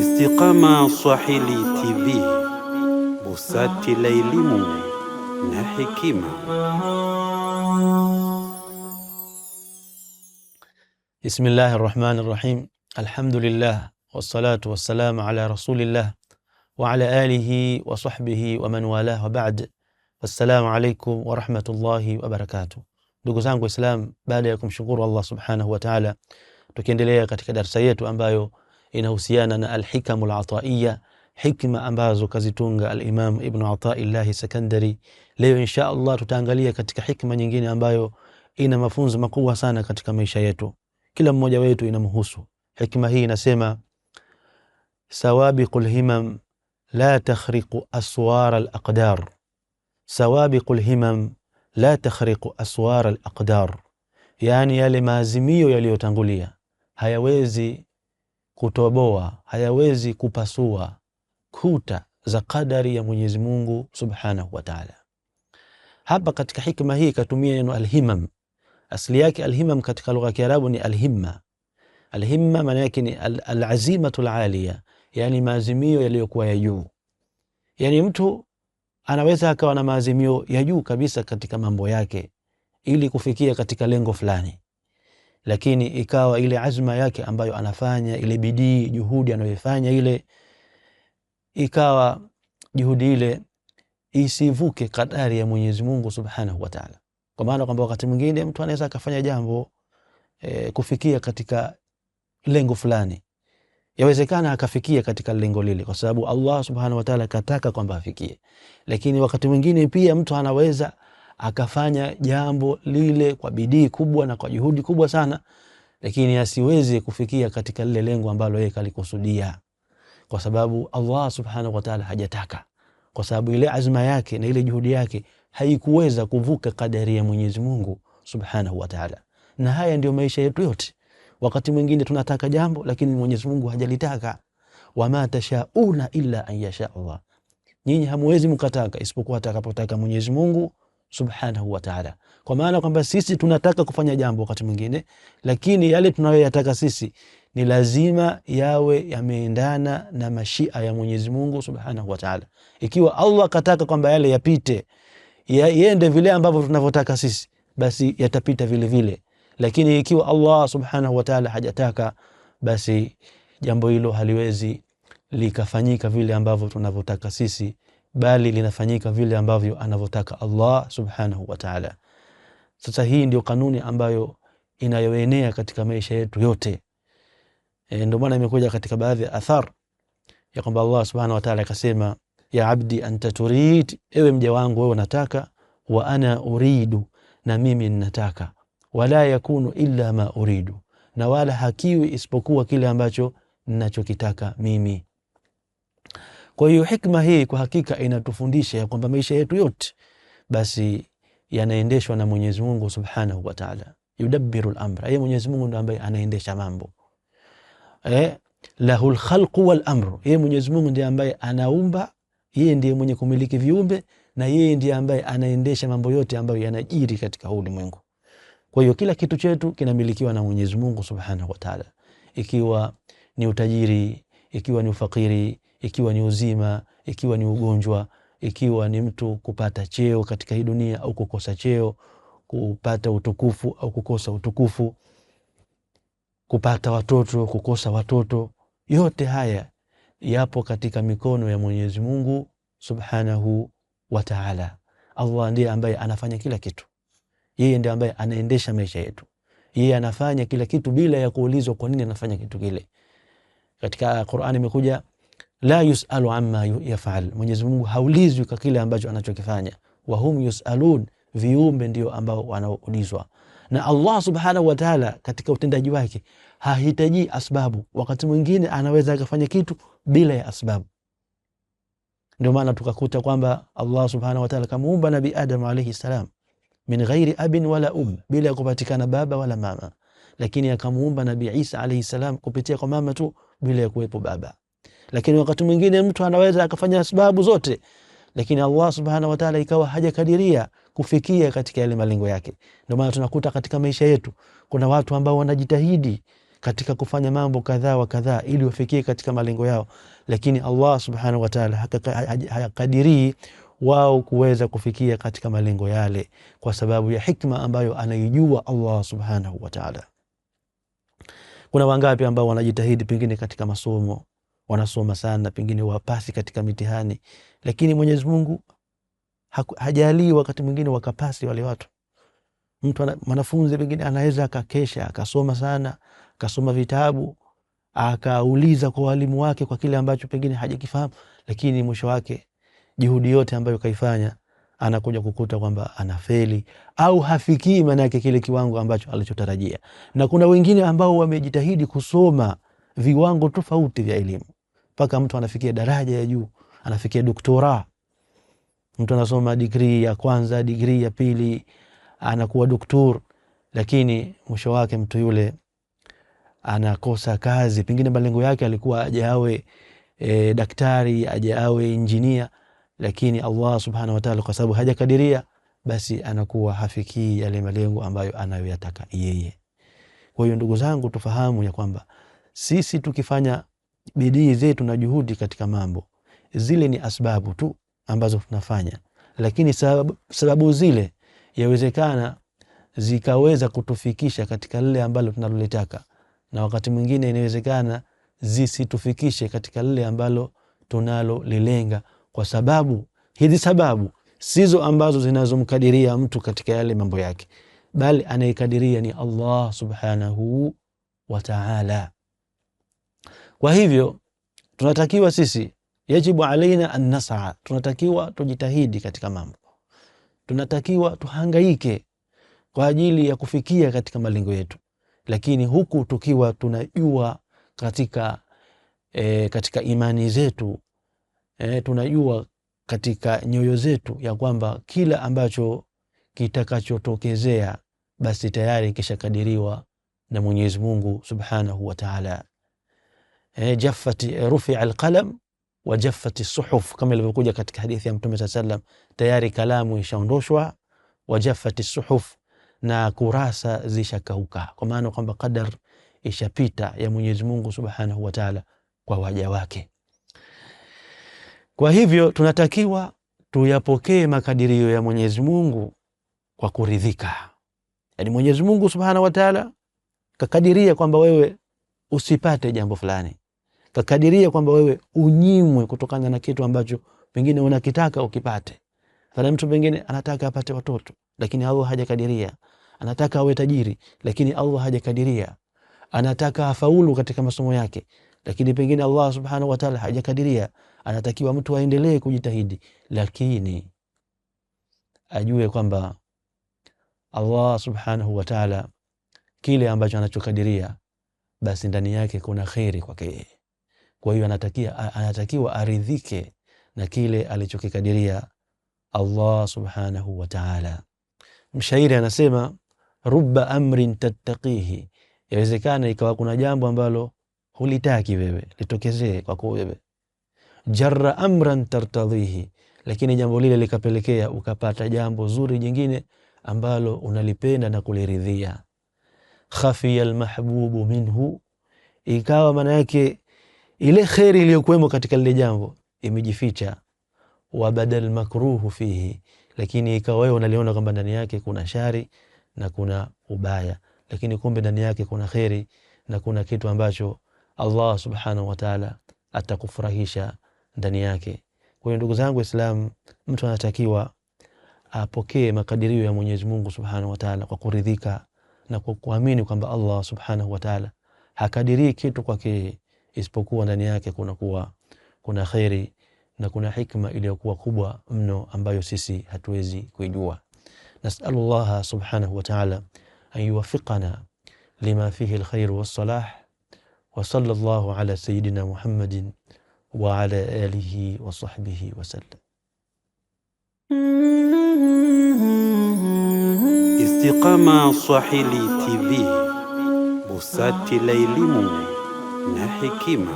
Istiqama Swahili TV, busati la elimu na hekima. Bismillahi rahmani rahim. Alhamdulillah wassalatu wassalamu ala rasulillah wa ala alihi wa sahbihi wa man walah wa ba'd. Wassalamu alaikum warahmatullahi wabarakatuh. Ndugu zangu Waislamu, baada ya kumshukuru Allah subhanahu wa ta'ala tukiendelea katika darsa yetu ambayo inahusiana na alhikamu lataiya hikma ambazo kazitunga alimam ibnu ataillahi sekandari leo insha allah tutaangalia katika hikma nyingine ambayo ina mafunzo makubwa sana katika maisha yetu kila mmoja wetu inamhusu hikma hii inasema sawabiqu lhimam la takhriqu aswara laqdar sawabiqu lhimam la takhriqu aswara laqdar yaani yale maazimio yaliyotangulia hayawezi kutoboa, hayawezi kupasua kuta za kadari ya Mwenyezi Mungu Subhanahu wa Ta'ala. Hapa katika hikma hii katumia neno alhimam. Asili yake alhimam katika lugha ya Kiarabu ni alhimma. Alhimma maana yake ni alazimatu alalia, yani maazimio yaliyokuwa ya juu. Yani mtu anaweza akawa na maazimio ya juu kabisa katika mambo yake ili kufikia katika lengo fulani, lakini ikawa ile azma yake ambayo anafanya ile bidii, juhudi anayoifanya ile, ikawa juhudi ile isivuke kadari ya Mwenyezi Mungu Subhanahu wa Ta'ala, kwa maana kwamba wakati mwingine mtu anaweza akafanya jambo e, kufikia katika lengo fulani, yawezekana akafikia katika lengo lile, kwa sababu Allah Subhanahu wa Ta'ala kataka kwamba afikie, lakini wakati mwingine pia mtu anaweza akafanya jambo lile kwa bidii kubwa na kwa juhudi kubwa sana, lakini asiweze kufikia katika lile lengo ambalo yeye kalikusudia, kwa sababu Allah subhanahu wa ta'ala hajataka, kwa sababu ile azma yake na ile juhudi yake haikuweza kuvuka kadari ya Mwenyezi Mungu subhanahu wa ta'ala. Na haya ndio maisha yetu yote. Wakati mwingine tunataka jambo lakini Mwenyezi Mungu hajalitaka. Wama tashauna illa an yasha Allah, nyinyi hamwezi mkataka isipokuwa atakapotaka Mwenyezi Mungu subhanahu wa ta'ala, kwa maana kwamba sisi tunataka kufanya jambo wakati mwingine, lakini yale tunayoyataka sisi ni lazima yawe yameendana na mashia ya Mwenyezi Mungu subhanahu wa ta'ala. Ikiwa Allah akataka kwamba yale yapite yaende vile ambavyo tunavyotaka sisi, basi yatapita vile vile, lakini ikiwa Allah subhanahu wa ta'ala hajataka, basi jambo hilo haliwezi likafanyika vile ambavyo tunavyotaka sisi bali linafanyika vile ambavyo anavyotaka Allah subhanahu wa ta'ala. Sasa hii ndio kanuni ambayo inayoenea katika maisha yetu yote. E, ndio maana imekuja katika baadhi ya athar ya kwamba Allah subhanahu wa ta'ala akasema, ya abdi anta turid, ewe mja wangu wewe unataka, wa ana uridu, na mimi ninataka, wala yakunu illa ma uridu, na wala hakiwi isipokuwa kile ambacho ninachokitaka mimi. Kwa hiyo hikma hii kwa hakika inatufundisha ya kwamba maisha yetu yote basi yanaendeshwa na Mwenyezi Mungu Subhanahu wa Ta'ala, yudabbiru al amr yeye Mwenyezi Mungu ndiye ambaye anaendesha mambo eh, lahul khalqu wal amru, yeye Mwenyezi Mungu ndiye ambaye anaumba, yeye ndiye mwenye kumiliki viumbe na yeye ndiye ambaye anaendesha mambo yote ambayo yanajiri katika huu ulimwengu. Kwa hiyo kila kitu chetu kinamilikiwa na Mwenyezi Mungu Subhanahu wa Ta'ala, ikiwa ni utajiri, ikiwa ni ufakiri ikiwa ni uzima, ikiwa ni ugonjwa, ikiwa ni mtu kupata cheo katika hii dunia au kukosa cheo, kupata utukufu au kukosa utukufu, kupata watoto, kukosa watoto, yote haya yapo katika mikono ya Mwenyezi Mungu Subhanahu wa Ta'ala. Allah ndiye ambaye anafanya kila kitu, yeye ndiye ambaye anaendesha maisha yetu, yeye anafanya kila kitu bila ya kuulizwa kwa nini anafanya kitu kile. Katika Qur'ani imekuja la yusalu amma yafal, Mwenyezi Mungu haulizwi kwa kile ambacho anachokifanya. Wahum yusalun, viumbe ndio ambao wanaulizwa. Na Allah subhanahu wa taala katika utendaji wake hahitaji asbabu. Wakati mwingine anaweza akafanya kitu bila ya asbabu. Ndio maana tukakuta kwamba Allah subhanahu wa taala kamuumba Nabi Adam alaihi salam min ghairi abin wala um, bila ya kupatikana baba wala mama, lakini akamuumba Nabi Isa alaihi salam kupitia kwa mama tu bila ya kuwepo baba. Lakini wakati mwingine mtu anaweza akafanya sababu zote, lakini Allah subhanahu wa ta'ala ikawa hajakadiria kufikia katika yale malengo yake. Ndio maana tunakuta katika maisha yetu kuna watu ambao wanajitahidi katika kufanya mambo kadhaa wa kadhaa ili wafikie katika malengo yao, lakini Allah subhanahu wa ta'ala hakadirii wao kuweza kufikia katika malengo yale kwa sababu ya hikma ambayo anaijua Allah subhanahu wa ta'ala. Kuna wangapi ambao wanajitahidi pengine katika masomo wanasoma sana, pengine wapasi katika mitihani, lakini Mwenyezi Mungu hajalii wakati mwingine wakapasi wale watu. Mtu mwanafunzi pengine anaweza akakesha akasoma sana akasoma vitabu akauliza kwa walimu wake kwa kile ambacho pengine hajakifahamu, lakini mwisho wake juhudi yote ambayo kaifanya anakuja kukuta kwamba anafeli au hafikii maana yake kile kiwango ambacho alichotarajia. Na kuna wengine ambao wamejitahidi kusoma viwango tofauti vya elimu, mpaka mtu anafikia daraja ya juu, anafikia doktora. Mtu anasoma digrii ya kwanza, digrii ya pili, anakuwa doktor, lakini mwisho wake mtu yule anakosa kazi. Pengine malengo yake alikuwa aje awe e, daktari, aje awe injinia, lakini Allah subhanahu wa ta'ala, kwa sababu hajakadiria, basi anakuwa hafikii yale malengo ambayo anayoyataka yeye. Kwa hiyo ndugu zangu, tufahamu ya kwamba sisi tukifanya bidii zetu na juhudi katika mambo, zile ni asbabu tu ambazo tunafanya, lakini sababu, sababu zile yawezekana zikaweza kutufikisha katika lile ambalo tunalolitaka, na wakati mwingine inawezekana zisitufikishe katika lile ambalo tunalolilenga, kwa sababu hizi sababu sizo ambazo zinazomkadiria mtu katika yale mambo yake, bali anayekadiria ni Allah subhanahu wa ta'ala. Kwa hivyo tunatakiwa sisi, yajibu alaina annasaa, tunatakiwa tujitahidi katika mambo, tunatakiwa tuhangaike kwa ajili ya kufikia katika malengo yetu, lakini huku tukiwa tunajua katika, e, katika imani zetu e, tunajua katika nyoyo zetu ya kwamba kila ambacho kitakachotokezea basi tayari kishakadiriwa na Mwenyezi Mungu Subhanahu wa Ta'ala. Eh, jaffat eh, rufia alqalam wa jaffat suhuf, kama ilivyokuja katika hadithi ya Mtume saa sallam, tayari kalamu ishaondoshwa. Wa jaffat suhuf, na kurasa zishakauka, kwa maana kwamba qadar ishapita ya Mwenyezi Mungu subhanahu wa taala kwa waja wake. Kwa hivyo tunatakiwa tuyapokee makadirio ya Mwenyezi Mungu kwa kuridhika. Yani Mwenyezi Mungu subhanahu wa taala kakadiria kwamba wewe usipate jambo fulani Kakadiria kwamba wewe unyimwe kutokana na kitu ambacho pengine unakitaka ukipate. Fala mtu pengine anataka apate watoto lakini Allah hajakadiria. Anataka awe tajiri lakini Allah hajakadiria. Anataka afaulu katika masomo yake lakini pengine Allah subhanahu wa ta'ala hajakadiria. Anatakiwa mtu aendelee kujitahidi, lakini ajue kwamba Allah subhanahu wa ta'ala kile ambacho anachokadiria basi ndani yake kuna kheri kwake yeye. Kwa hiyo anatakia, anatakiwa aridhike na kile alichokikadiria Allah subhanahu wa ta'ala. Mshairi anasema rubba amrin tattaqihi, yawezekana ikawa kuna jambo ambalo hulitaki wewe litokezee kwako wewe. Jarra amran tartadhihi, lakini jambo lile likapelekea ukapata jambo zuri jingine ambalo unalipenda na kuliridhia. Khafiya almahbubu minhu, ikawa maana yake ile kheri iliyokuwemo katika lile jambo imejificha, wa badal makruhu fihi, lakini ikawa wewe unaliona kwamba ndani yake kuna shari na kuna ubaya, lakini kumbe ndani yake kuna kheri na kuna kitu ambacho Allah subhanahu wa ta'ala atakufurahisha ndani yake. Kwa hiyo ndugu zangu Waislamu, mtu anatakiwa apokee makadirio ya Mwenyezi Mungu subhanahu wa ta'ala kwa kuridhika na kwa kuamini kwamba Allah subhanahu wa ta'ala hakadirii kitu kwake isipokuwa ndani yake kunakuwa kuna kheri na kuna hikma iliyokuwa kubwa mno ambayo sisi hatuwezi kuijua nasalu llaha subhanahu wataala an yuwafiqana lima fihi lkhairu wassalah sayidina muhammadin wa ala alihi wa sahbihi wa sallam. Istiqama Swahili TV, busati la elimu na hekima.